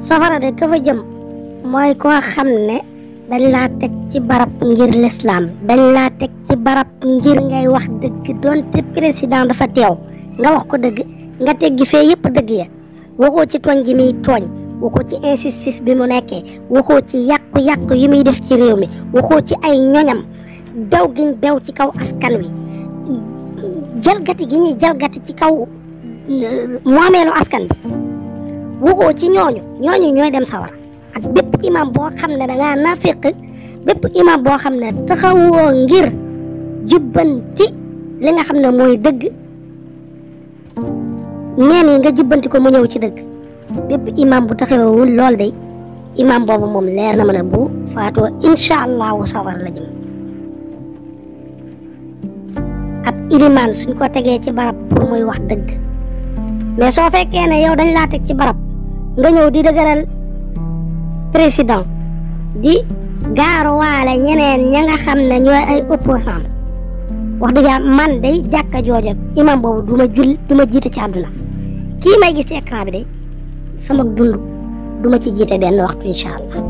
safara de ka fa jëm mooy koo xam ne dañ laa teg ci barab ngir lislaam dañ laa teg ci barab ngir ngay wax dëgg donte président dafa teew nga wax ko dëgg nga teggi fee yëpp dëgg ya waxoo ci tooñ gi muy tooñ waxoo ci insistis bi mu nekkee waxoo ci yàqu-yàqu yi muy def ci réew mi waxoo ci ay ñoñam bew giñ bew ci kaw askan wi jalgati gi ñuy jalgati ci kaw euh, moomeelu askan bi wugo ci ñooñu ñooñu ñooy dem sawara ak bépp imam boo xam ne da ngaa nafiq bépp imam boo xam ne taxawoo ngir jubbanti li nga xam ne mooy dëgg nga jubbanti ko mu ñëw ci dëgg bépp imam bu taxawewul lool day imam boobu moom leer na ma bu faatoo incha allahu sawar la jëm ab iliman suñ ko tegee ci barab pour muy wax dëgg mais soo fekkee ne yow dañ laa teg ci barab nga ñëw di dëgëral président di gaaruwaale ñeneen ña nga xam ne ñooy ay opposant wax dëgg man day jàkka jooja imam boobu du ma jull jiite ci àdduna kii may gis ci écran bi day sama dund du ma ci jiite benn waxtu incha